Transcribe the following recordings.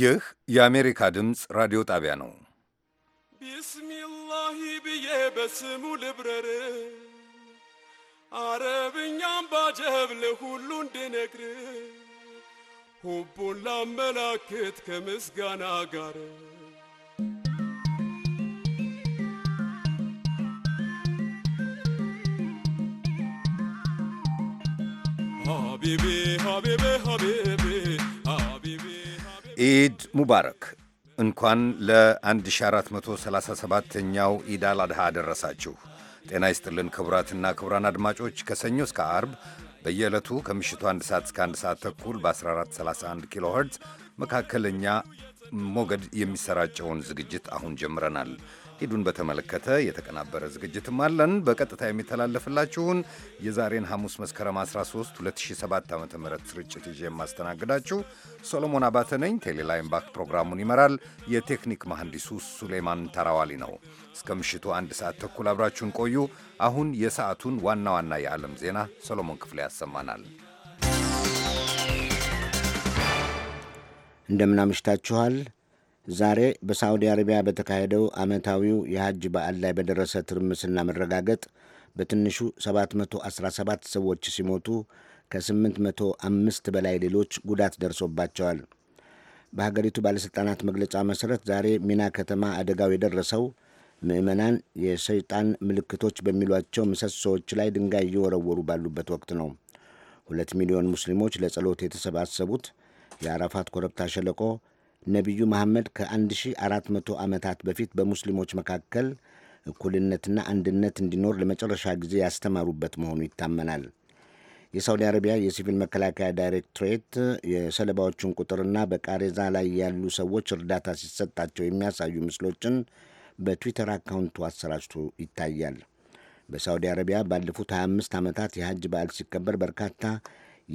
ይህ የአሜሪካ ድምፅ ራዲዮ ጣቢያ ነው። ቢስሚላሂ ብዬ በስሙ ልብረር አረብኛም ባጀብ ሁሉ እንድነግር ሁቡን ላመላክት ከምስጋና ጋር ኢድ ሙባረክ። እንኳን ለ1437ኛው ኢድ አል አድሃ አደረሳችሁ። ጤና ይስጥልን ክቡራትና ክቡራን አድማጮች ከሰኞ እስከ አርብ በየዕለቱ ከምሽቱ 1 ሰዓት እስከ 1 ሰዓት ተኩል በ1431 ኪሎ ኸርትዝ መካከለኛ ሞገድ የሚሰራጨውን ዝግጅት አሁን ጀምረናል። ኢዱን በተመለከተ የተቀናበረ ዝግጅትም አለን። በቀጥታ የሚተላለፍላችሁን የዛሬን ሐሙስ መስከረም 13 2007 ዓ ም ስርጭት ይዤ የማስተናግዳችሁ ሶሎሞን አባተ ነኝ። ቴሌላይም ባክ ፕሮግራሙን ይመራል። የቴክኒክ መሐንዲሱ ሱሌማን ተራዋሊ ነው። እስከ ምሽቱ አንድ ሰዓት ተኩል አብራችሁን ቆዩ። አሁን የሰዓቱን ዋና ዋና የዓለም ዜና ሰሎሞን ክፍሌ ያሰማናል። እንደምናምሽታችኋል። ዛሬ በሳዑዲ አረቢያ በተካሄደው ዓመታዊው የሐጅ በዓል ላይ በደረሰ ትርምስና መረጋገጥ በትንሹ 717 ሰዎች ሲሞቱ ከ805 በላይ ሌሎች ጉዳት ደርሶባቸዋል። በሀገሪቱ ባለሥልጣናት መግለጫ መሠረት ዛሬ ሚና ከተማ አደጋው የደረሰው ምዕመናን የሰይጣን ምልክቶች በሚሏቸው ምሰሶዎች ላይ ድንጋይ እየወረወሩ ባሉበት ወቅት ነው። ሁለት ሚሊዮን ሙስሊሞች ለጸሎት የተሰባሰቡት የአራፋት ኮረብታ ሸለቆ ነቢዩ መሐመድ ከ1400 ዓመታት በፊት በሙስሊሞች መካከል እኩልነትና አንድነት እንዲኖር ለመጨረሻ ጊዜ ያስተማሩበት መሆኑ ይታመናል። የሳውዲ አረቢያ የሲቪል መከላከያ ዳይሬክቶሬት የሰለባዎቹን ቁጥርና በቃሬዛ ላይ ያሉ ሰዎች እርዳታ ሲሰጣቸው የሚያሳዩ ምስሎችን በትዊተር አካውንቱ አሰራጭቶ ይታያል። በሳውዲ አረቢያ ባለፉት 25 ዓመታት የሐጅ በዓል ሲከበር በርካታ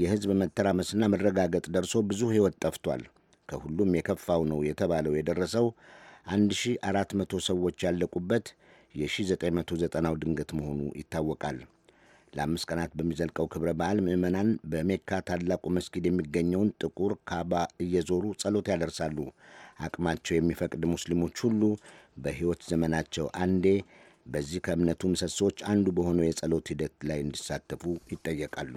የሕዝብ መተራመስና መረጋገጥ ደርሶ ብዙ ሕይወት ጠፍቷል። ከሁሉም የከፋው ነው የተባለው የደረሰው 1400 ሰዎች ያለቁበት የ1990ው ድንገት መሆኑ ይታወቃል። ለአምስት ቀናት በሚዘልቀው ክብረ በዓል ምዕመናን በሜካ ታላቁ መስጊድ የሚገኘውን ጥቁር ካባ እየዞሩ ጸሎት ያደርሳሉ። አቅማቸው የሚፈቅድ ሙስሊሞች ሁሉ በሕይወት ዘመናቸው አንዴ በዚህ ከእምነቱ ምሰሶች አንዱ በሆነው የጸሎት ሂደት ላይ እንዲሳተፉ ይጠየቃሉ።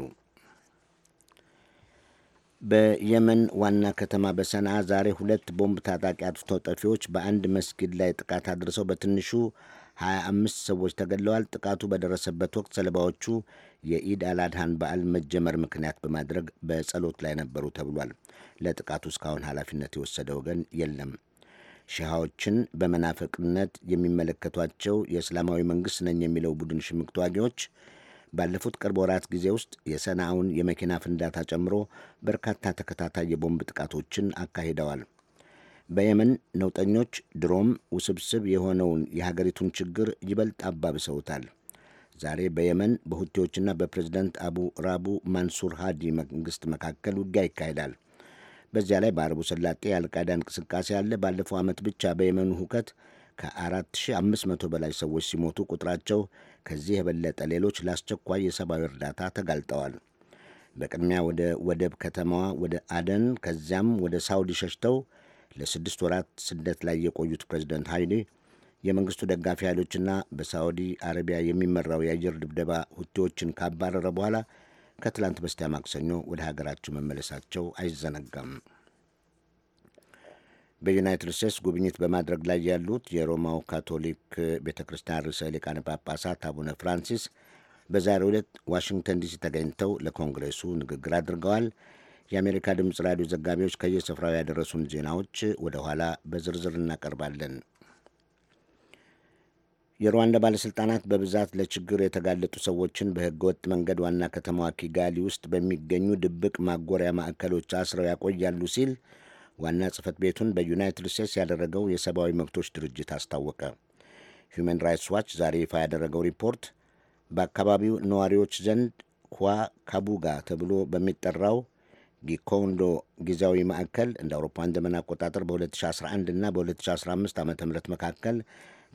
በየመን ዋና ከተማ በሰንዓ ዛሬ ሁለት ቦምብ ታጣቂ አጥፍቶ ጠፊዎች በአንድ መስጊድ ላይ ጥቃት አድርሰው በትንሹ 25 ሰዎች ተገድለዋል። ጥቃቱ በደረሰበት ወቅት ሰለባዎቹ የኢድ አልአድሃን በዓል መጀመር ምክንያት በማድረግ በጸሎት ላይ ነበሩ ተብሏል። ለጥቃቱ እስካሁን ኃላፊነት የወሰደ ወገን የለም። ሺሃዎችን በመናፈቅነት የሚመለከቷቸው የእስላማዊ መንግሥት ነኝ የሚለው ቡድን ሽምቅ ተዋጊዎች ባለፉት ቅርብ ወራት ጊዜ ውስጥ የሰናውን የመኪና ፍንዳታ ጨምሮ በርካታ ተከታታይ የቦምብ ጥቃቶችን አካሂደዋል። በየመን ነውጠኞች ድሮም ውስብስብ የሆነውን የሀገሪቱን ችግር ይበልጥ አባብሰውታል። ዛሬ በየመን በሁቴዎችና በፕሬዝዳንት አቡ ራቡ ማንሱር ሃዲ መንግስት መካከል ውጊያ ይካሄዳል። በዚያ ላይ በአረቡ ሰላጤ የአልቃይዳ እንቅስቃሴ አለ። ባለፈው ዓመት ብቻ በየመኑ ሁከት ከ4500 በላይ ሰዎች ሲሞቱ ቁጥራቸው ከዚህ የበለጠ ሌሎች ለአስቸኳይ የሰብአዊ እርዳታ ተጋልጠዋል። በቅድሚያ ወደ ወደብ ከተማዋ ወደ አደን ከዚያም ወደ ሳውዲ ሸሽተው ለስድስት ወራት ስደት ላይ የቆዩት ፕሬዚደንት ሀይሌ የመንግስቱ ደጋፊ ኃይሎችና በሳውዲ አረቢያ የሚመራው የአየር ድብደባ ሁቲዎችን ካባረረ በኋላ ከትላንት በስቲያ ማክሰኞ ወደ ሀገራቸው መመለሳቸው አይዘነጋም። በዩናይትድ ስቴትስ ጉብኝት በማድረግ ላይ ያሉት የሮማው ካቶሊክ ቤተ ክርስቲያን ርዕሰ ሊቃነ ጳጳሳት አቡነ ፍራንሲስ በዛሬው ዕለት ዋሽንግተን ዲሲ ተገኝተው ለኮንግሬሱ ንግግር አድርገዋል። የአሜሪካ ድምፅ ራዲዮ ዘጋቢዎች ከየስፍራው ያደረሱን ዜናዎች ወደ ኋላ በዝርዝር እናቀርባለን። የሩዋንዳ ባለሥልጣናት በብዛት ለችግር የተጋለጡ ሰዎችን ወጥ መንገድ ዋና ከተማዋ ኪጋሊ ውስጥ በሚገኙ ድብቅ ማጎሪያ ማዕከሎች አስረው ያቆያሉ ሲል ዋና ጽህፈት ቤቱን በዩናይትድ ስቴትስ ያደረገው የሰብአዊ መብቶች ድርጅት አስታወቀ። ሁማን ራይትስ ዋች ዛሬ ይፋ ያደረገው ሪፖርት በአካባቢው ነዋሪዎች ዘንድ ኳ ካቡጋ ተብሎ በሚጠራው ጊኮንዶ ጊዜያዊ ማዕከል እንደ አውሮፓን ዘመን አቆጣጠር በ2011 እና በ2015 ዓ ም መካከል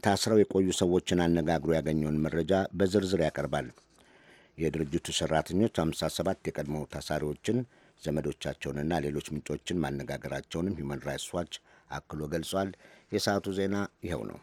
ታስረው የቆዩ ሰዎችን አነጋግሮ ያገኘውን መረጃ በዝርዝር ያቀርባል። የድርጅቱ ሠራተኞች 57 የቀድሞ ታሳሪዎችን ዘመዶቻቸውንና ሌሎች ምንጮችን ማነጋገራቸውንም ሁመን ራይትስ ዋች አክሎ ገልጿል። የሰዓቱ ዜና ይኸው ነው።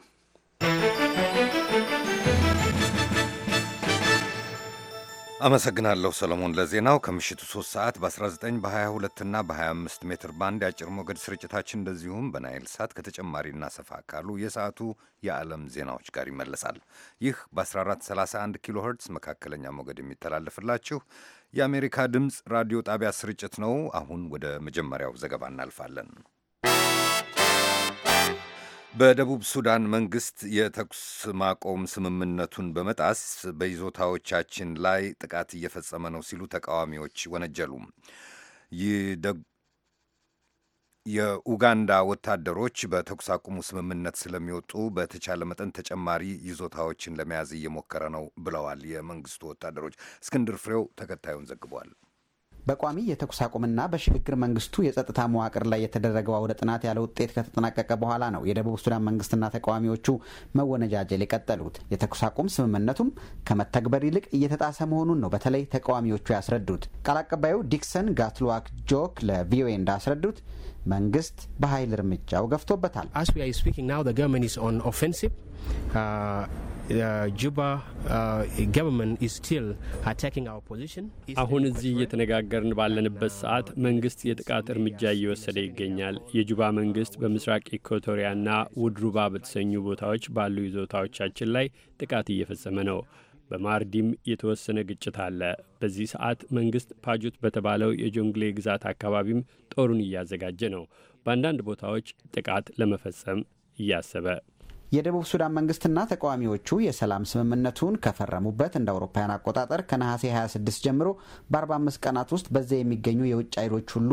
አመሰግናለሁ ሰለሞን ለዜናው። ከምሽቱ 3 ሰዓት በ19 በ22 እና በ25 ሜትር ባንድ የአጭር ሞገድ ስርጭታችን እንደዚሁም በናይል ሳት ከተጨማሪና ሰፋ ካሉ የሰዓቱ የዓለም ዜናዎች ጋር ይመለሳል። ይህ በ1431 ኪሎ ሄርትስ መካከለኛ ሞገድ የሚተላለፍላችሁ የአሜሪካ ድምፅ ራዲዮ ጣቢያ ስርጭት ነው። አሁን ወደ መጀመሪያው ዘገባ እናልፋለን። በደቡብ ሱዳን መንግስት የተኩስ ማቆም ስምምነቱን በመጣስ በይዞታዎቻችን ላይ ጥቃት እየፈጸመ ነው ሲሉ ተቃዋሚዎች ወነጀሉ። የኡጋንዳ ወታደሮች በተኩስ አቁሙ ስምምነት ስለሚወጡ በተቻለ መጠን ተጨማሪ ይዞታዎችን ለመያዝ እየሞከረ ነው ብለዋል የመንግስቱ ወታደሮች። እስክንድር ፍሬው ተከታዩን ዘግቧል። በቋሚ የተኩስ አቁምና በሽግግር መንግስቱ የጸጥታ መዋቅር ላይ የተደረገው አውደ ጥናት ያለ ውጤት ከተጠናቀቀ በኋላ ነው የደቡብ ሱዳን መንግስትና ተቃዋሚዎቹ መወነጃጀል የቀጠሉት። የተኩስ አቁም ስምምነቱም ከመተግበር ይልቅ እየተጣሰ መሆኑን ነው በተለይ ተቃዋሚዎቹ ያስረዱት። ቃል አቀባዩ ዲክሰን ጋትሉዋክ ጆክ ለቪኦኤ እንዳስረዱት መንግስት በኃይል እርምጃው ገፍቶበታል። Uh, uh, uh, አሁን እዚህ እየተነጋገርን ባለንበት ሰዓት መንግስት የጥቃት እርምጃ እየወሰደ ይገኛል። የጁባ መንግስት በምስራቅ ኢኳቶሪያና ውድሩባ በተሰኙ ቦታዎች ባሉ ይዞታዎቻችን ላይ ጥቃት እየፈጸመ ነው። በማርዲም የተወሰነ ግጭት አለ። በዚህ ሰዓት መንግስት ፓጁት በተባለው የጆንግሌ ግዛት አካባቢም ጦሩን እያዘጋጀ ነው፣ በአንዳንድ ቦታዎች ጥቃት ለመፈጸም እያሰበ የደቡብ ሱዳን መንግስትና ተቃዋሚዎቹ የሰላም ስምምነቱን ከፈረሙበት እንደ አውሮፓውያን አቆጣጠር ከነሐሴ 26 ጀምሮ በ45 ቀናት ውስጥ በዚያ የሚገኙ የውጭ ኃይሎች ሁሉ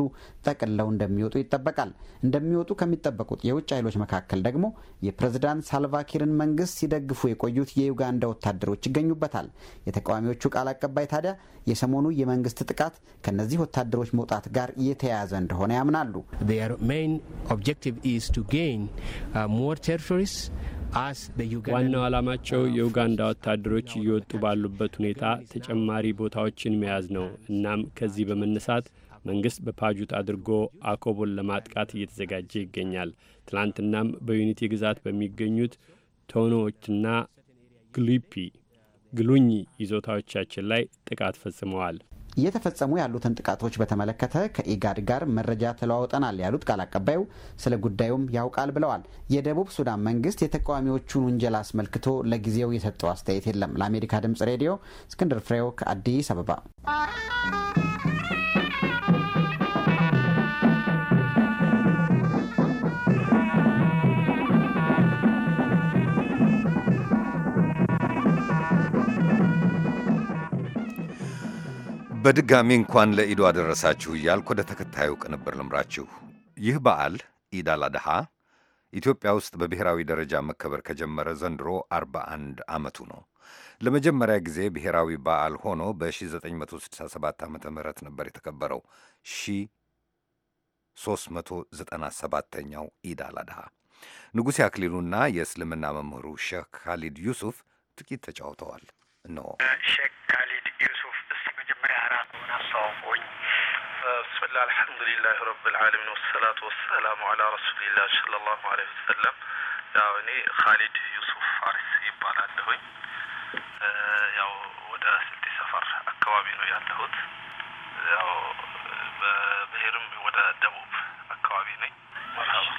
ጠቅለው እንደሚወጡ ይጠበቃል። እንደሚወጡ ከሚጠበቁት የውጭ ኃይሎች መካከል ደግሞ የፕሬዝዳንት ሳልቫኪርን መንግስት ሲደግፉ የቆዩት የዩጋንዳ ወታደሮች ይገኙበታል። የተቃዋሚዎቹ ቃል አቀባይ ታዲያ የሰሞኑ የመንግስት ጥቃት ከነዚህ ወታደሮች መውጣት ጋር የተያያዘ እንደሆነ ያምናሉ። ዋናው ዓላማቸው የኡጋንዳ ወታደሮች እየወጡ ባሉበት ሁኔታ ተጨማሪ ቦታዎችን መያዝ ነው። እናም ከዚህ በመነሳት መንግሥት በፓጁት አድርጎ አኮቦን ለማጥቃት እየተዘጋጀ ይገኛል። ትናንትናም በዩኒቲ ግዛት በሚገኙት ቶኖዎችና ግሉፒ ግሉኝ ይዞታዎቻችን ላይ ጥቃት ፈጽመዋል። እየተፈጸሙ ያሉትን ጥቃቶች በተመለከተ ከኢጋድ ጋር መረጃ ተለዋውጠናል ያሉት ቃል አቀባዩ ስለ ጉዳዩም ያውቃል ብለዋል። የደቡብ ሱዳን መንግስት የተቃዋሚዎቹን ውንጀላ አስመልክቶ ለጊዜው የሰጠው አስተያየት የለም። ለአሜሪካ ድምጽ ሬዲዮ እስክንድር ፍሬው ከአዲስ አበባ በድጋሚ እንኳን ለኢዱ አደረሳችሁ እያልኩ ወደ ተከታዩ ቅንብር ልምራችሁ። ይህ በዓል ኢድ አላድሃ ኢትዮጵያ ውስጥ በብሔራዊ ደረጃ መከበር ከጀመረ ዘንድሮ 41 ዓመቱ ነው። ለመጀመሪያ ጊዜ ብሔራዊ በዓል ሆኖ በ1967 ዓ ም ነበር የተከበረው 397 ኛው ኢድ አላድሃ። ንጉሴ አክሊሉና የእስልምና መምህሩ ሼህ ካሊድ ዩሱፍ ጥቂት ተጫውተዋል። ነው ሼህ الله الحمد لله رب العالمين والصلاة والسلام على رسول الله صلى الله عليه وسلم ያው እኔ ካሊድ ዩሱፍ አሪስ ይባላለሁኝ። ያው ወደ ስልጤ ሰፈር አካባቢ ነው ያለሁት። ያው በብሔርም ወደ ደቡብ አካባቢ ነኝ። መርሀባ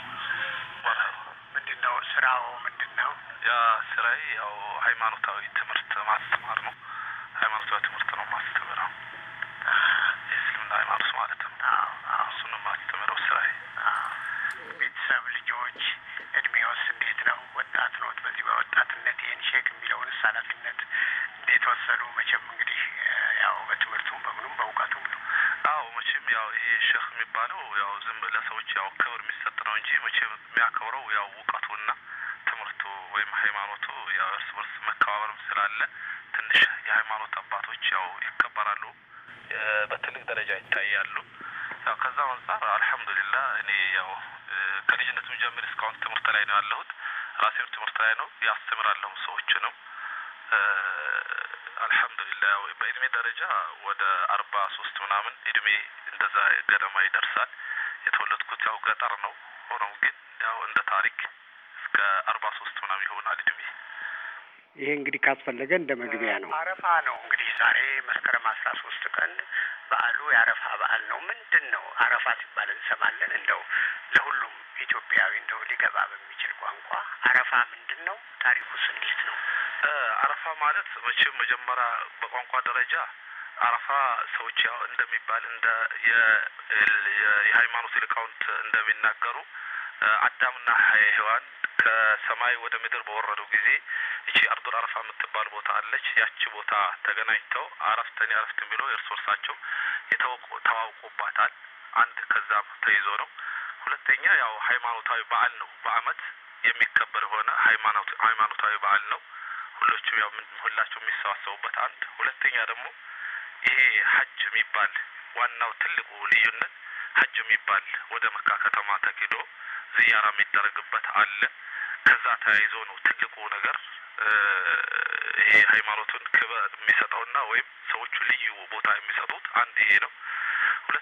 መርሀባ። ምንድን ነው ስራው? ምንድን ነው ያ ስራዬ? ያው ሃይማኖታዊ ትምህርት ማስተማር ነው። ሃይማኖታዊ ትምህርት ነው ማስተምረው። Nein, absolut. Ah, sono Matteo Rossari. አስተምራለሁ ሰዎችንም አልሐምዱሊላህ በእድሜ ደረጃ ወደ አርባ ሶስት ምናምን እድሜ እንደዛ ገደማ ይደርሳል። የተወለድኩት ያው ገጠር ነው። ሆኖም ግን ያው እንደ ታሪክ እስከ አርባ ሶስት ምናምን ይሆናል እድሜ። ይሄ እንግዲህ ካስፈለገ እንደ መግቢያ ነው። አረፋ ነው እንግዲህ ዛሬ መስከረም አስራ ሶስት ቀን በዓሉ የአረፋ በዓል ነው። ምንድን ነው አረፋ ሲባል እንሰማለን። እንደው ለሁሉም ኢትዮጵያዊ እንደው ሊገባ በሚችል ቋንቋ አረፋ ምንድን ነው? ታሪኩስ እንዴት ነው? አረፋ ማለት መቼም መጀመሪያ በቋንቋ ደረጃ አረፋ ሰዎች ያው እንደሚባል እንደ የሃይማኖት ሊቃውንት እንደሚናገሩ አዳምና ሔዋን ከሰማይ ወደ ምድር በወረዱ ጊዜ እቺ አርዶር አረፋ የምትባል ቦታ አለች። ያቺ ቦታ ተገናኝተው አረፍተን አረፍትን ብሎ እርስ በርሳቸው የተዋውቁባታል። አንድ ከዛ ተይዞ ነው ሁለተኛ ያው ሃይማኖታዊ በዓል ነው። በአመት የሚከበር የሆነ ሃይማኖታዊ በዓል ነው። ሁሎችም ያው ሁላቸው የሚሰባሰቡበት አንድ። ሁለተኛ ደግሞ ይሄ ሀጅ የሚባል ዋናው ትልቁ ልዩነት ሀጅ የሚባል ወደ መካ ከተማ ተኪዶ ዝያራ የሚደረግበት አለ። ከዛ ተያይዞ ነው ትልቁ ነገር ይሄ ሃይማኖቱን ክብር የሚሰጠውና ወይም ሰዎቹ ልዩ ቦታ የሚሰጡት አንድ ይሄ ነው።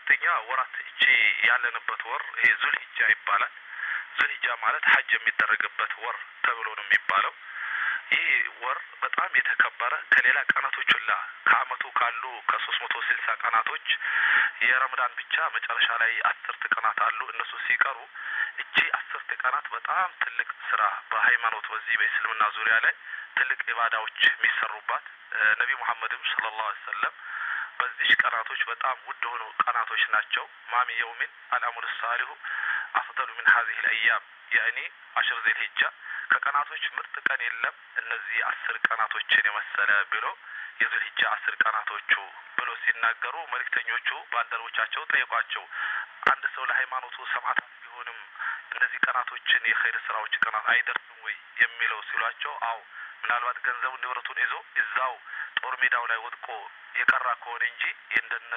ሁለተኛ ወራት እቺ ያለንበት ወር ይሄ ዙልሂጃ ይባላል። ዙልሂጃ ማለት ሀጅ የሚደረግበት ወር ተብሎ ነው የሚባለው። ይህ ወር በጣም የተከበረ ከሌላ ቀናቶች ሁላ ከአመቱ ካሉ ከሶስት መቶ ስልሳ ቀናቶች የረምዳን ብቻ መጨረሻ ላይ አስርት ቀናት አሉ። እነሱ ሲቀሩ እቺ አስርት ቀናት በጣም ትልቅ ስራ በሃይማኖት በዚህ በእስልምና ዙሪያ ላይ ትልቅ ኢባዳዎች የሚሰሩባት ነቢ ሙሐመድም ሰለላሁ ዐለይሂ ወሰለም በዚህ ቀናቶች በጣም ውድ የሆኑ ቀናቶች ናቸው። ማሚ የውሚን አልአሙር ሳሊሁ አፍደሉ ሚን ሀዚህ ልአያም የእኔ አሽር ዜል ሂጃ ከቀናቶች ምርጥ ቀን የለም እነዚህ አስር ቀናቶችን የመሰለ ብሎ የዙል ሂጃ አስር ቀናቶቹ ብሎ ሲናገሩ መልእክተኞቹ ባልደረቦቻቸው ጠየቋቸው። አንድ ሰው ለሃይማኖቱ ሰማዕታት ቢሆንም እነዚህ ቀናቶችን የኸይር ስራዎች ቀናት አይደርስም ወይ የሚለው ሲሏቸው፣ አዎ ምናልባት ገንዘቡ ንብረቱን ይዞ እዛው ጦር ሜዳው ላይ ወድቆ የቀራ ከሆነ እንጂ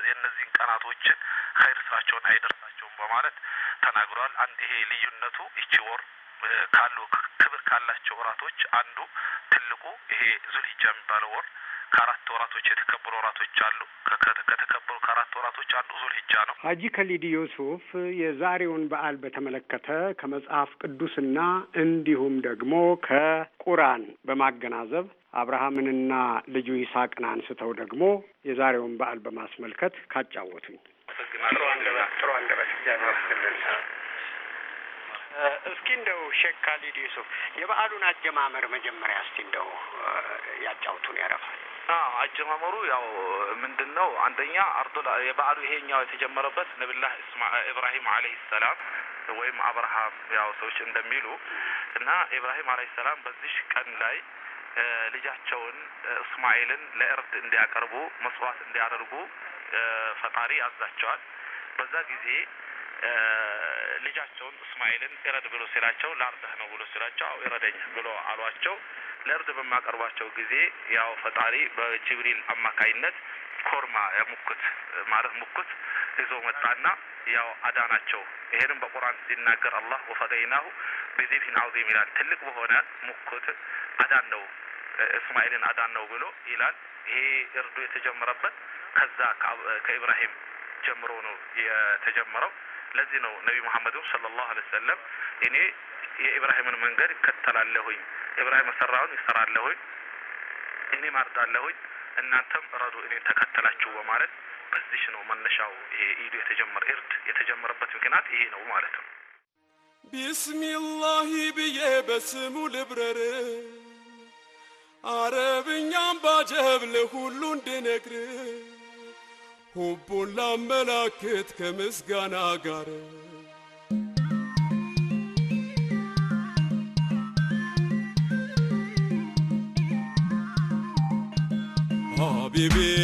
የእነዚህን ቀናቶችን ኸይር ስራቸውን አይደርሳቸውም በማለት ተናግሯል። አንድ ይሄ ልዩነቱ ይቺ ወር ካሉ ክብር ካላቸው ወራቶች አንዱ ትልቁ ይሄ ዙልሂጃ የሚባለው ወር ከአራት ወራቶች የተከበሩ ወራቶች አሉ። ከተከበሩ ከአራት ወራቶች አንዱ ዙልሂጃ ነው። ሀጂ ከሊድ ዩሱፍ የዛሬውን በዓል በተመለከተ ከመጽሐፍ ቅዱስና እንዲሁም ደግሞ ከቁርአን በማገናዘብ አብርሃምንና ልጁ ይስሐቅን አንስተው ደግሞ የዛሬውን በዓል በማስመልከት ካጫወቱኝ እስኪ እንደው ሼክ ካሊድ ዩሱፍ የበዓሉን አጀማመር መጀመሪያ እስቲ እንደው ያጫውቱን ያረፋል። አጀማመሩ ያው ምንድን ነው? አንደኛ አርዶ የበዓሉ ይሄኛው የተጀመረበት ነቢላህ እስማ ኢብራሂም አለህ ሰላም ወይም አብርሃም ያው ሰዎች እንደሚሉ እና ኢብራሂም አለህ ሰላም በዚሽ ቀን ላይ ልጃቸውን እስማኤልን ለእርድ እንዲያቀርቡ መስዋዕት እንዲያደርጉ ፈጣሪ ያዛቸዋል። በዛ ጊዜ ልጃቸውን እስማኤልን እረድ ብሎ ሲላቸው ላርዳህ ነው ብሎ ሲላቸው አው እረደኝ ብሎ አሏቸው። ለእርድ በማቀርባቸው ጊዜ ያው ፈጣሪ በጅብሪል አማካይነት ኮርማ የሙኩት ማለት ሙኩት ይዞ መጣና ያው ናቸው ይሄንም በቁርአን ሲናገር አላህ ወፈደይናሁ ቢዚብሂን ዓዚም ይላል። ትልቅ በሆነ ሙክት አዳን ነው እስማኤልን አዳን ነው ብሎ ይላል። ይሄ እርዱ የተጀመረበት ከዛ ከኢብራሂም ጀምሮ ነው የተጀመረው። ለዚህ ነው ነቢ መሐመድ ሰለላሁ ዐለይሂ ወሰለም እኔ የኢብራሂምን መንገድ ይከተላለሁኝ፣ ኢብራሂም የሰራውን ይሰራለሁኝ፣ እኔ አርዳለሁኝ፣ እናንተም ረዱ እኔን ተከተላችሁ በማለት በዚህ ነው መነሻው። ይሄ ኢዱ የተጀመረ እርድ የተጀመረበት ምክንያት ይሄ ነው ማለት ነው። ቢስሚላሂ ብዬ በስሙ ልብረር አረብኛም ባጀብ ለሁሉ እንድነግር ሁቡን ላመላክት ከምስጋና ጋር ሀቢቤ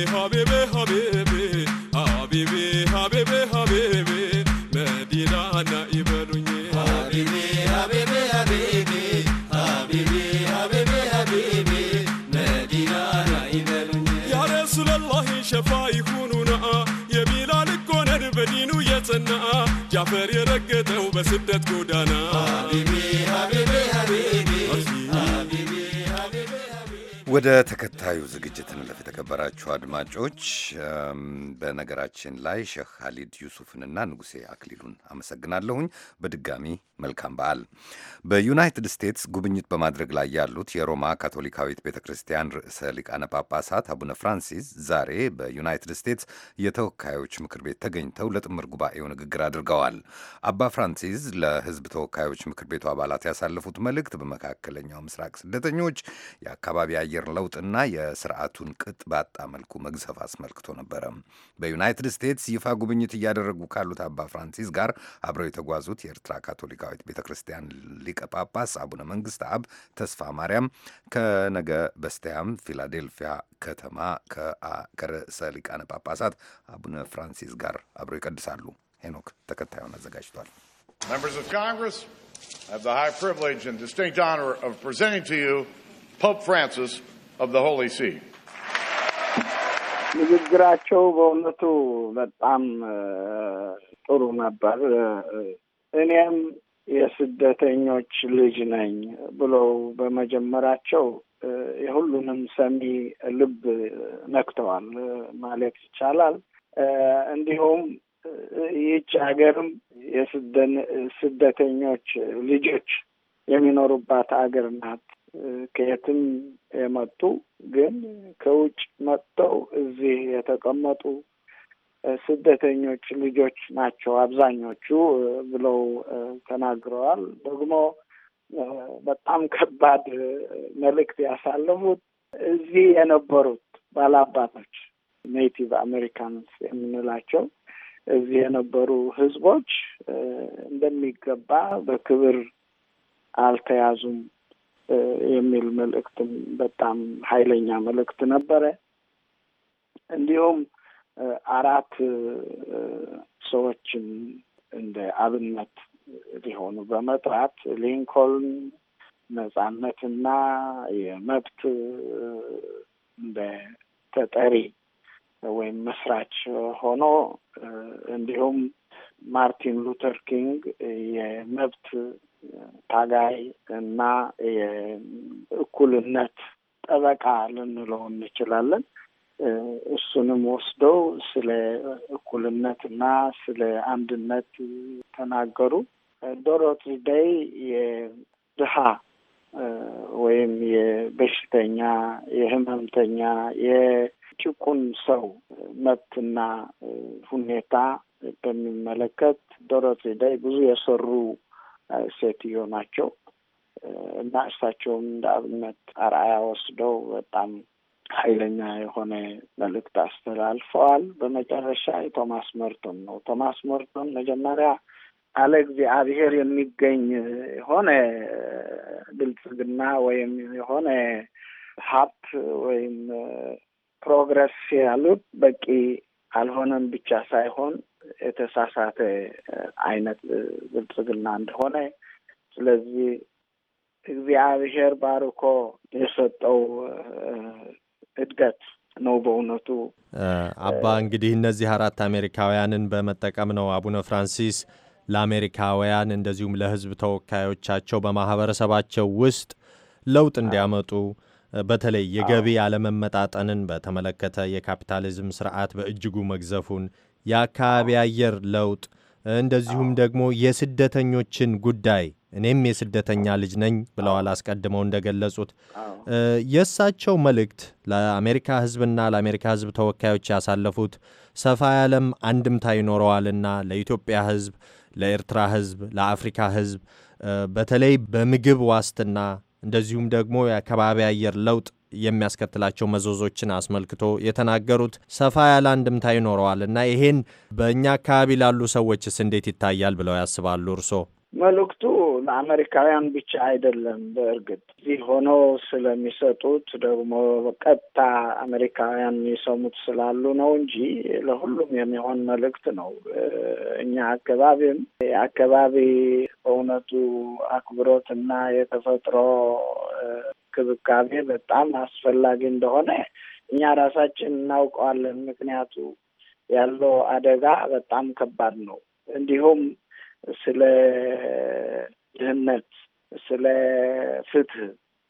በስደት ጎዳና ወደ ተከታዩ ዝግጅት እንለፍ። የተከበራችሁ አድማጮች፣ በነገራችን ላይ ሼህ ሀሊድ ዩሱፍንና ንጉሴ አክሊሉን አመሰግናለሁኝ። በድጋሚ መልካም በዓል። በዩናይትድ ስቴትስ ጉብኝት በማድረግ ላይ ያሉት የሮማ ካቶሊካዊት ቤተ ክርስቲያን ርዕሰ ሊቃነ ጳጳሳት አቡነ ፍራንሲስ ዛሬ በዩናይትድ ስቴትስ የተወካዮች ምክር ቤት ተገኝተው ለጥምር ጉባኤው ንግግር አድርገዋል። አባ ፍራንሲስ ለሕዝብ ተወካዮች ምክር ቤቱ አባላት ያሳለፉት መልእክት በመካከለኛው ምስራቅ ስደተኞች፣ የአካባቢ አየር ለውጥና የስርዓቱን ቅጥ ባጣ መልኩ መግዘፍ አስመልክቶ ነበረ። በዩናይትድ ስቴትስ ይፋ ጉብኝት እያደረጉ ካሉት አባ ፍራንሲስ ጋር አብረው የተጓዙት የኤርትራ ካቶሊካዊት ቤተ ክርስቲያን ሊቀ ጳጳስ አቡነ መንግስት አብ ተስፋ ማርያም ከነገ በስቲያም ፊላዴልፊያ ከተማ ከርዕሰ ሊቃነ ጳጳሳት አቡነ ፍራንሲስ ጋር አብረው ይቀድሳሉ። ሄኖክ ተከታዩን አዘጋጅቷል። honor of presenting to you Pope Francis of the Holy See. ንግግራቸው በእውነቱ በጣም ጥሩ ነበር። እኔም የስደተኞች ልጅ ነኝ ብለው በመጀመራቸው የሁሉንም ሰሚ ልብ ነክተዋል ማለት ይቻላል። እንዲሁም ይህች ሀገርም የስደተኞች ልጆች የሚኖሩባት ሀገር ናት ከየትም የመጡ ግን ከውጭ መጥተው እዚህ የተቀመጡ ስደተኞች ልጆች ናቸው አብዛኞቹ ብለው ተናግረዋል። ደግሞ በጣም ከባድ መልእክት ያሳለፉት እዚህ የነበሩት ባላባቶች ኔቲቭ አሜሪካንስ የምንላቸው እዚህ የነበሩ ህዝቦች እንደሚገባ በክብር አልተያዙም የሚል መልእክትም በጣም ኃይለኛ መልእክት ነበረ። እንዲሁም አራት ሰዎችን እንደ አብነት ሊሆኑ በመጥራት ሊንኮልን ነጻነትና የመብት እንደ ተጠሪ ወይም መስራች ሆኖ እንዲሁም ማርቲን ሉተር ኪንግ የመብት ታጋይ እና የእኩልነት ጠበቃ ልንለው እንችላለን። እሱንም ወስደው ስለ እና ስለ አንድነት ተናገሩ። ዶሮት ደይ የድሃ ወይም የበሽተኛ፣ የህመምተኛ የጭቁን ሰው መብትና ሁኔታ በሚመለከት ዶሮት ደይ ብዙ የሰሩ ሴትዮ ናቸው እና እሳቸውም እንደ አብነት አርአያ ወስደው በጣም ኃይለኛ የሆነ መልእክት አስተላልፈዋል። በመጨረሻ የቶማስ መርቶን ነው። ቶማስ መርቶን መጀመሪያ አለ እግዚአብሔር የሚገኝ የሆነ ብልጽግና ወይም የሆነ ሀብት ወይም ፕሮግረስ ያሉት በቂ አልሆነም ብቻ ሳይሆን የተሳሳተ አይነት ብልጽግና እንደሆነ ስለዚህ እግዚአብሔር ባርኮ የሰጠው እድገት ነው በእውነቱ። አባ እንግዲህ እነዚህ አራት አሜሪካውያንን በመጠቀም ነው አቡነ ፍራንሲስ ለአሜሪካውያን እንደዚሁም ለሕዝብ ተወካዮቻቸው በማህበረሰባቸው ውስጥ ለውጥ እንዲያመጡ በተለይ የገቢ አለመመጣጠንን በተመለከተ የካፒታሊዝም ስርዓት በእጅጉ መግዘፉን የአካባቢ አየር ለውጥ እንደዚሁም ደግሞ የስደተኞችን ጉዳይ እኔም የስደተኛ ልጅ ነኝ ብለዋል። አስቀድመው እንደገለጹት የእሳቸው መልእክት ለአሜሪካ ሕዝብና ለአሜሪካ ሕዝብ ተወካዮች ያሳለፉት ሰፋ ያለም አንድምታ ይኖረዋልና ለኢትዮጵያ ሕዝብ፣ ለኤርትራ ሕዝብ፣ ለአፍሪካ ሕዝብ በተለይ በምግብ ዋስትና እንደዚሁም ደግሞ የአካባቢ አየር ለውጥ የሚያስከትላቸው መዘዞችን አስመልክቶ የተናገሩት ሰፋ ያለ አንድምታ ይኖረዋል እና ይሄን በእኛ አካባቢ ላሉ ሰዎችስ እንዴት ይታያል ብለው ያስባሉ እርስዎ? መልእክቱ ለአሜሪካውያን ብቻ አይደለም። በእርግጥ እዚህ ሆነው ስለሚሰጡት ደግሞ ቀጥታ አሜሪካውያን የሚሰሙት ስላሉ ነው እንጂ ለሁሉም የሚሆን መልእክት ነው። እኛ አካባቢም የአካባቢ በእውነቱ አክብሮት እና የተፈጥሮ እንክብካቤ በጣም አስፈላጊ እንደሆነ እኛ ራሳችን እናውቀዋለን። ምክንያቱ ያለው አደጋ በጣም ከባድ ነው። እንዲሁም ስለ ድህነት፣ ስለ ፍትህ፣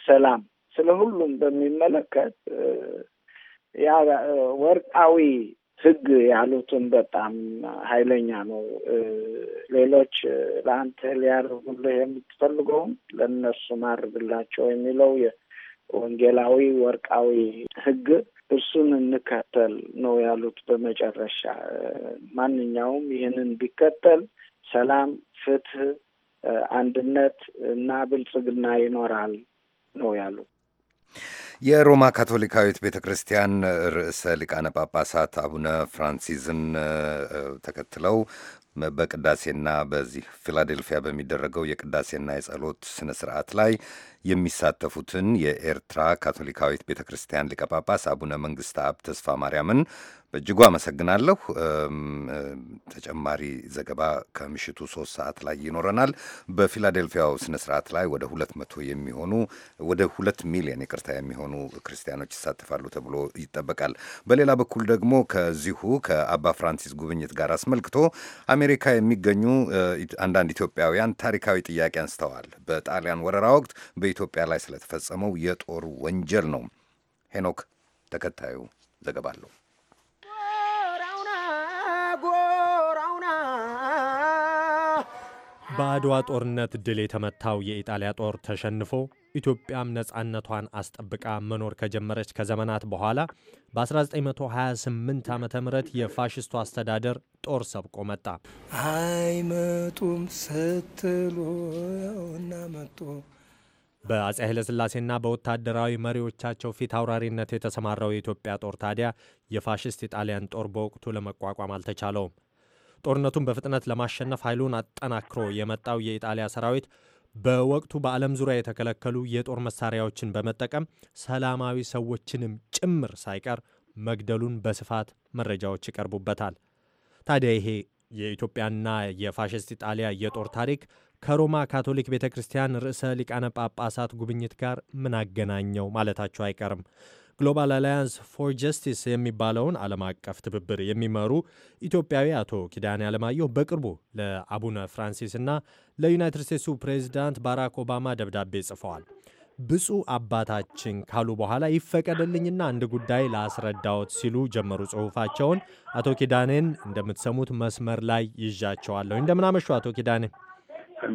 ሰላም፣ ስለ ሁሉም በሚመለከት ያ ወርቃዊ ህግ ያሉትን በጣም ኃይለኛ ነው። ሌሎች ለአንተ ሊያደርጉልህ የምትፈልገውም ለእነሱ ማድርግላቸው የሚለው ወንጌላዊ ወርቃዊ ህግ እርሱን እንከተል ነው ያሉት። በመጨረሻ ማንኛውም ይህንን ቢከተል ሰላም፣ ፍትህ፣ አንድነት እና ብልጽግና ይኖራል ነው ያሉት። የሮማ ካቶሊካዊት ቤተ ክርስቲያን ርዕሰ ሊቃነ ጳጳሳት አቡነ ፍራንሲዝን ተከትለው በቅዳሴና በዚህ ፊላዴልፊያ በሚደረገው የቅዳሴና የጸሎት ስነ ስርዓት ላይ የሚሳተፉትን የኤርትራ ካቶሊካዊት ቤተ ክርስቲያን ሊቀ ጳጳስ አቡነ መንግስት አብ ተስፋ ማርያምን በእጅጉ አመሰግናለሁ። ተጨማሪ ዘገባ ከምሽቱ ሶስት ሰዓት ላይ ይኖረናል። በፊላዴልፊያው ስነ ስርዓት ላይ ወደ ሁለት መቶ የሚሆኑ ወደ ሁለት ሚሊዮን ይቅርታ የሚሆኑ ክርስቲያኖች ይሳተፋሉ ተብሎ ይጠበቃል። በሌላ በኩል ደግሞ ከዚሁ ከአባ ፍራንሲስ ጉብኝት ጋር አስመልክቶ አሜሪካ የሚገኙ አንዳንድ ኢትዮጵያውያን ታሪካዊ ጥያቄ አንስተዋል። በጣሊያን ወረራ ወቅት በኢትዮጵያ ላይ ስለተፈጸመው የጦር ወንጀል ነው። ሄኖክ ተከታዩ ዘገባ አለው። በአድዋ ጦርነት ድል የተመታው የኢጣሊያ ጦር ተሸንፎ ኢትዮጵያም ነፃነቷን አስጠብቃ መኖር ከጀመረች ከዘመናት በኋላ በ1928 ዓ ም የፋሽስቱ አስተዳደር ጦር ሰብቆ መጣ። አይመጡም ስትሉ ያውና መጡ በአጼ ኃይለሥላሴና በወታደራዊ መሪዎቻቸው ፊት አውራሪነት የተሰማራው የኢትዮጵያ ጦር ታዲያ የፋሽስት ኢጣሊያን ጦር በወቅቱ ለመቋቋም አልተቻለውም። ጦርነቱን በፍጥነት ለማሸነፍ ኃይሉን አጠናክሮ የመጣው የኢጣሊያ ሰራዊት በወቅቱ በዓለም ዙሪያ የተከለከሉ የጦር መሳሪያዎችን በመጠቀም ሰላማዊ ሰዎችንም ጭምር ሳይቀር መግደሉን በስፋት መረጃዎች ይቀርቡበታል። ታዲያ ይሄ የኢትዮጵያና የፋሽስት ኢጣሊያ የጦር ታሪክ ከሮማ ካቶሊክ ቤተ ክርስቲያን ርዕሰ ሊቃነ ጳጳሳት ጉብኝት ጋር ምን አገናኘው ማለታቸው አይቀርም። ግሎባል አላያንስ ፎር ጀስቲስ የሚባለውን ዓለም አቀፍ ትብብር የሚመሩ ኢትዮጵያዊ አቶ ኪዳኔ አለማየሁ በቅርቡ ለአቡነ ፍራንሲስና ለዩናይትድ ስቴትሱ ፕሬዚዳንት ባራክ ኦባማ ደብዳቤ ጽፈዋል። ብፁዕ አባታችን ካሉ በኋላ ይፈቀደልኝና አንድ ጉዳይ ላስረዳዎት ሲሉ ጀመሩ ጽሑፋቸውን። አቶ ኪዳኔን እንደምትሰሙት መስመር ላይ ይዣቸዋለሁ። እንደምናመሹ አቶ ኪዳኔ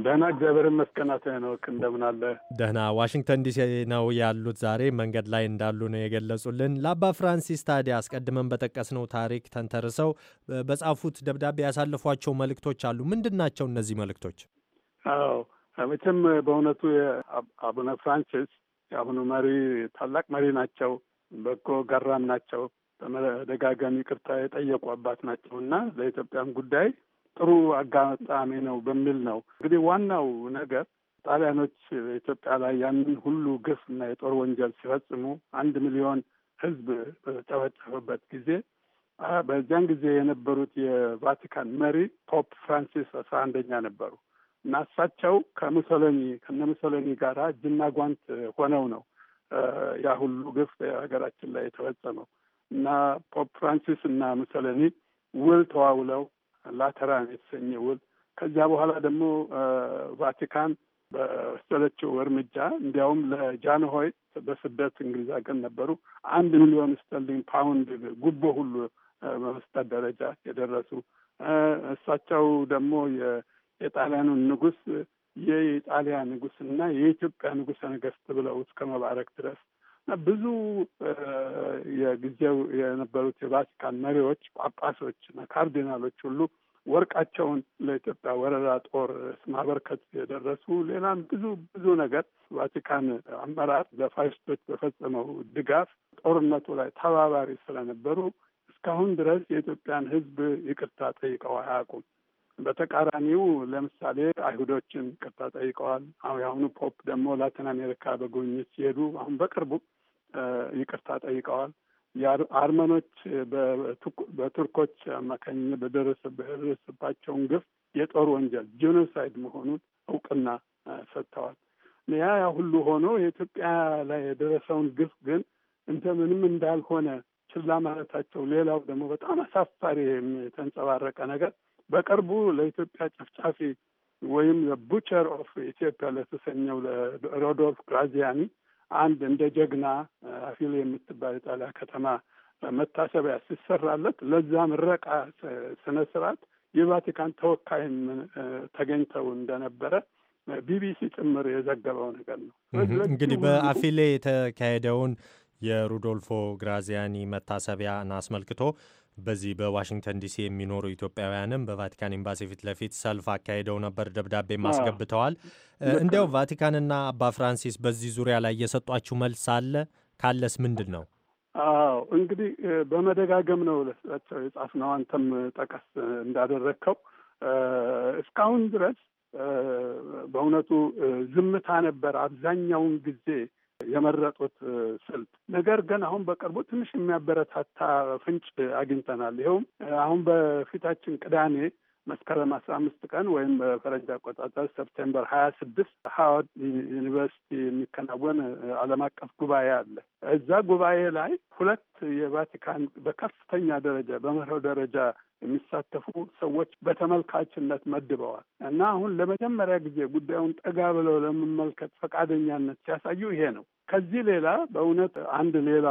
ደህና እግዚአብሔርን መስቀናት ነው። እንደምን አለ? ደህና። ዋሽንግተን ዲሲ ነው ያሉት። ዛሬ መንገድ ላይ እንዳሉ ነው የገለጹልን። ለአባ ፍራንሲስ ታዲያ አስቀድመን በጠቀስነው ታሪክ ተንተርሰው በጻፉት ደብዳቤ ያሳለፏቸው መልእክቶች አሉ። ምንድን ናቸው እነዚህ መልእክቶች? አዎ መቼም በእውነቱ አቡነ ፍራንሲስ የአሁኑ መሪ ታላቅ መሪ ናቸው። በጎ ገራም ናቸው። በመደጋገም ይቅርታ የጠየቁ አባት ናቸው እና ለኢትዮጵያም ጉዳይ ጥሩ አጋጣሚ ነው በሚል ነው። እንግዲህ ዋናው ነገር ጣሊያኖች በኢትዮጵያ ላይ ያንን ሁሉ ግፍ እና የጦር ወንጀል ሲፈጽሙ አንድ ሚሊዮን ሕዝብ በተጨፈጨፈበት ጊዜ በዚያን ጊዜ የነበሩት የቫቲካን መሪ ፖፕ ፍራንሲስ አስራ አንደኛ ነበሩ እና እሳቸው ከሙሶሎኒ ከነ ሙሶሎኒ ጋር እጅና ጓንት ሆነው ነው ያ ሁሉ ግፍ ሀገራችን ላይ የተፈጸመው እና ፖፕ ፍራንሲስ እና ሙሶሎኒ ውል ተዋውለው ላተራን የተሰኘ ውል ከዚያ በኋላ ደግሞ ቫቲካን በወሰደችው እርምጃ እንዲያውም ለጃንሆይ በስደት እንግሊዝ ሀገር ነበሩ አንድ ሚሊዮን ስተርሊንግ ፓውንድ ጉቦ ሁሉ በመስጠት ደረጃ የደረሱ እሳቸው ደግሞ የጣሊያኑን ንጉስ የኢጣሊያ እና የኢትዮጵያ ንጉሰ ነገስት ብለው እስከ መባረክ ድረስ ብዙ የጊዜው የነበሩት የቫቲካን መሪዎች፣ ጳጳሶች እና ካርዲናሎች ሁሉ ወርቃቸውን ለኢትዮጵያ ወረራ ጦር ማበርከት የደረሱ ሌላም ብዙ ብዙ ነገር ቫቲካን አመራር ለፋሽስቶች በፈጸመው ድጋፍ ጦርነቱ ላይ ተባባሪ ስለነበሩ እስካሁን ድረስ የኢትዮጵያን ሕዝብ ይቅርታ ጠይቀው አያውቁም። በተቃራኒው ለምሳሌ አይሁዶችን ቅርታ ጠይቀዋል። የአሁኑ ፖፕ ደግሞ ላቲን አሜሪካ በጉብኝት ሲሄዱ አሁን በቅርቡ ይቅርታ ጠይቀዋል። የአርመኖች በቱርኮች አማካኝ በደረሰባቸውን ግፍ የጦር ወንጀል ጄኖሳይድ መሆኑን እውቅና ሰጥተዋል። ያ ያ ሁሉ ሆኖ የኢትዮጵያ ላይ የደረሰውን ግፍ ግን እንደምንም እንዳልሆነ ችላ ማለታቸው፣ ሌላው ደግሞ በጣም አሳፋሪ የተንጸባረቀ ነገር በቅርቡ ለኢትዮጵያ ጨፍጫፊ ወይም ቡቸር ኦፍ ኢትዮጵያ ለተሰኘው ለሮዶልፍ ግራዚያኒ አንድ እንደ ጀግና uh, አፊሌ የምትባል የጣሊያ ከተማ መታሰቢያ ሲሰራለት ለዛ ምረቃ ስነ ስርዓት የቫቲካን ተወካይም uh, ተገኝተው እንደነበረ uh, ቢቢሲ ጭምር የዘገበው ነገር ነው። እንግዲህ በአፊሌ የተካሄደውን የሩዶልፎ ግራዚያኒ መታሰቢያን አስመልክቶ በዚህ በዋሽንግተን ዲሲ የሚኖሩ ኢትዮጵያውያንም በቫቲካን ኤምባሲ ፊት ለፊት ሰልፍ አካሄደው ነበር። ደብዳቤ ማስገብተዋል። እንዲያው ቫቲካንና አባ ፍራንሲስ በዚህ ዙሪያ ላይ የሰጧችሁ መልስ አለ? ካለስ ምንድን ነው? አዎ እንግዲህ በመደጋገም ነው ለሳቸው የጻፍነው። አንተም ጠቀስ እንዳደረግከው እስካሁን ድረስ በእውነቱ ዝምታ ነበር አብዛኛውን ጊዜ የመረጡት ስልት። ነገር ግን አሁን በቅርቡ ትንሽ የሚያበረታታ ፍንጭ አግኝተናል። ይኸውም አሁን በፊታችን ቅዳሜ መስከረም አስራ አምስት ቀን ወይም በፈረንጅ አቆጣጠር ሰፕቴምበር ሀያ ስድስት ሀዋርድ ዩኒቨርሲቲ የሚከናወን ዓለም አቀፍ ጉባኤ አለ። እዛ ጉባኤ ላይ ሁለት የቫቲካን በከፍተኛ ደረጃ በመርህ ደረጃ የሚሳተፉ ሰዎች በተመልካችነት መድበዋል እና አሁን ለመጀመሪያ ጊዜ ጉዳዩን ጠጋ ብለው ለመመልከት ፈቃደኛነት ሲያሳዩ ይሄ ነው። ከዚህ ሌላ በእውነት አንድ ሌላ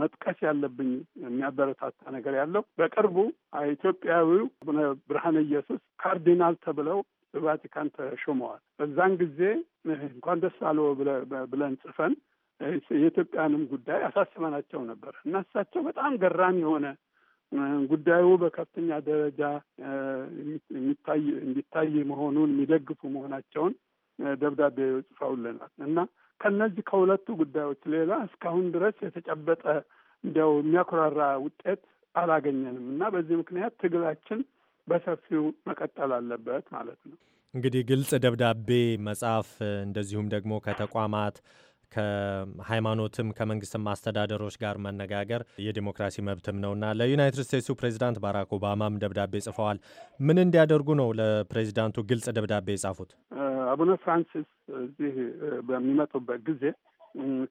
መጥቀስ ያለብኝ የሚያበረታታ ነገር ያለው በቅርቡ ኢትዮጵያዊው ብርሃነ ኢየሱስ ካርዲናል ተብለው በቫቲካን ተሾመዋል። በዛን ጊዜ እንኳን ደስ አለ ብለን ጽፈን የኢትዮጵያንም ጉዳይ አሳስበናቸው ነበር እና እሳቸው በጣም ገራሚ የሆነ ጉዳዩ በከፍተኛ ደረጃ እንዲታይ መሆኑን የሚደግፉ መሆናቸውን ደብዳቤ ጽፈውልናል እና ከነዚህ ከሁለቱ ጉዳዮች ሌላ እስካሁን ድረስ የተጨበጠ እንዲያው የሚያኮራራ ውጤት አላገኘንም እና በዚህ ምክንያት ትግላችን በሰፊው መቀጠል አለበት ማለት ነው። እንግዲህ ግልጽ ደብዳቤ መጻፍ እንደዚሁም ደግሞ ከተቋማት ከሃይማኖትም ከመንግስትም አስተዳደሮች ጋር መነጋገር የዲሞክራሲ መብትም ነውና ለዩናይትድ ስቴትሱ ፕሬዚዳንት ባራክ ኦባማም ደብዳቤ ጽፈዋል። ምን እንዲያደርጉ ነው ለፕሬዚዳንቱ ግልጽ ደብዳቤ የጻፉት? አቡነ ፍራንሲስ እዚህ በሚመጡበት ጊዜ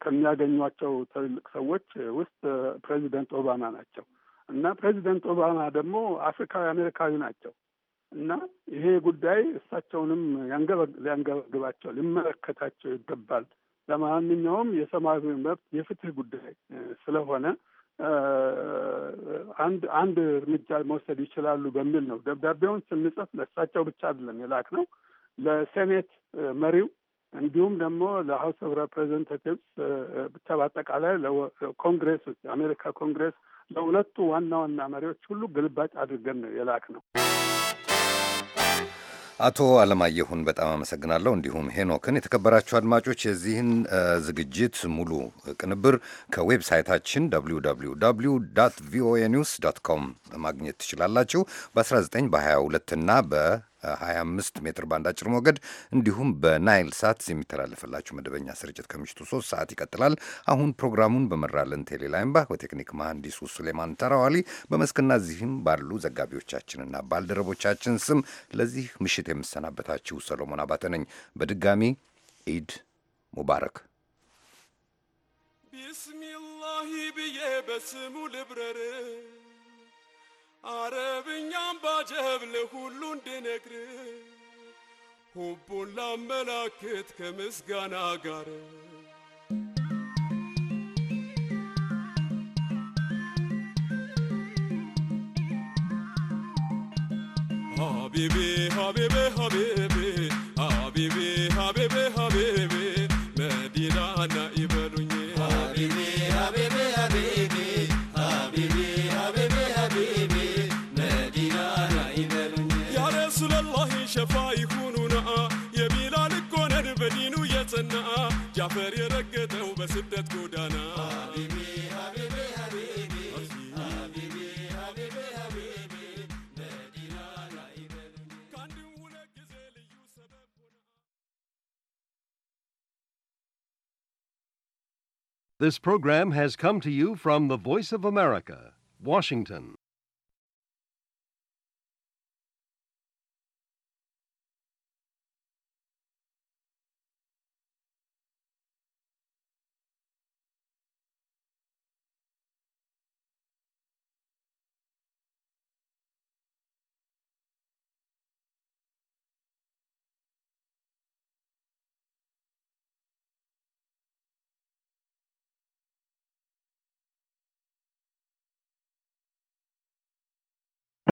ከሚያገኟቸው ትልቅ ሰዎች ውስጥ ፕሬዚደንት ኦባማ ናቸው እና ፕሬዚደንት ኦባማ ደግሞ አፍሪካዊ አሜሪካዊ ናቸው እና ይሄ ጉዳይ እሳቸውንም ሊያንገበግባቸው ሊመለከታቸው ይገባል ለማንኛውም የሰማያዊ መብት የፍትህ ጉዳይ ስለሆነ አንድ አንድ እርምጃ መውሰድ ይችላሉ በሚል ነው ደብዳቤውን ስንጽፍ ለእሳቸው ብቻ አይደለም የላክ ነው ለሴኔት መሪው እንዲሁም ደግሞ ለሀውስ ኦፍ ሬፕሬዘንታቲቭስ ብቻ በአጠቃላይ ለኮንግሬሶች የአሜሪካ ኮንግሬስ ለሁለቱ ዋና ዋና መሪዎች ሁሉ ግልባጭ አድርገን ነው የላክ ነው። አቶ አለማየሁን በጣም አመሰግናለሁ። እንዲሁም ሄኖክን። የተከበራችሁ አድማጮች የዚህን ዝግጅት ሙሉ ቅንብር ከዌብሳይታችን www ቪኦኤ ኒውስ ዶት ኮም ማግኘት ትችላላችሁ። በ19 በ22 እና በ 25 ሜትር ባንድ አጭር ሞገድ እንዲሁም በናይል ሳት የሚተላለፈላችሁ መደበኛ ስርጭት ከምሽቱ 3 ሰዓት ይቀጥላል። አሁን ፕሮግራሙን በመራለን ቴሌላይምባህ፣ በቴክኒክ መሐንዲሱ ሱሌማን ተራዋሊ፣ በመስክና እዚህም ባሉ ዘጋቢዎቻችንና ባልደረቦቻችን ስም ለዚህ ምሽት የምሰናበታችሁ ሰሎሞን አባተ ነኝ። በድጋሚ ኢድ ሙባረክ። ቢስሚላሂ ብዬ በስሙ ልብረርህ አረብኛም ባጀብ ለሁሉ እንድነግር ሁቡን ላመላክት ከምስጋና ጋር ሀቢቤ ሀቢቤ ሀቢቤ ሀቢቤ ሀቢቤ የቢላል በዲኑ ጃፈር የረገጠው በስደት ጎዳና This program has come to you from the Voice of America, Washington.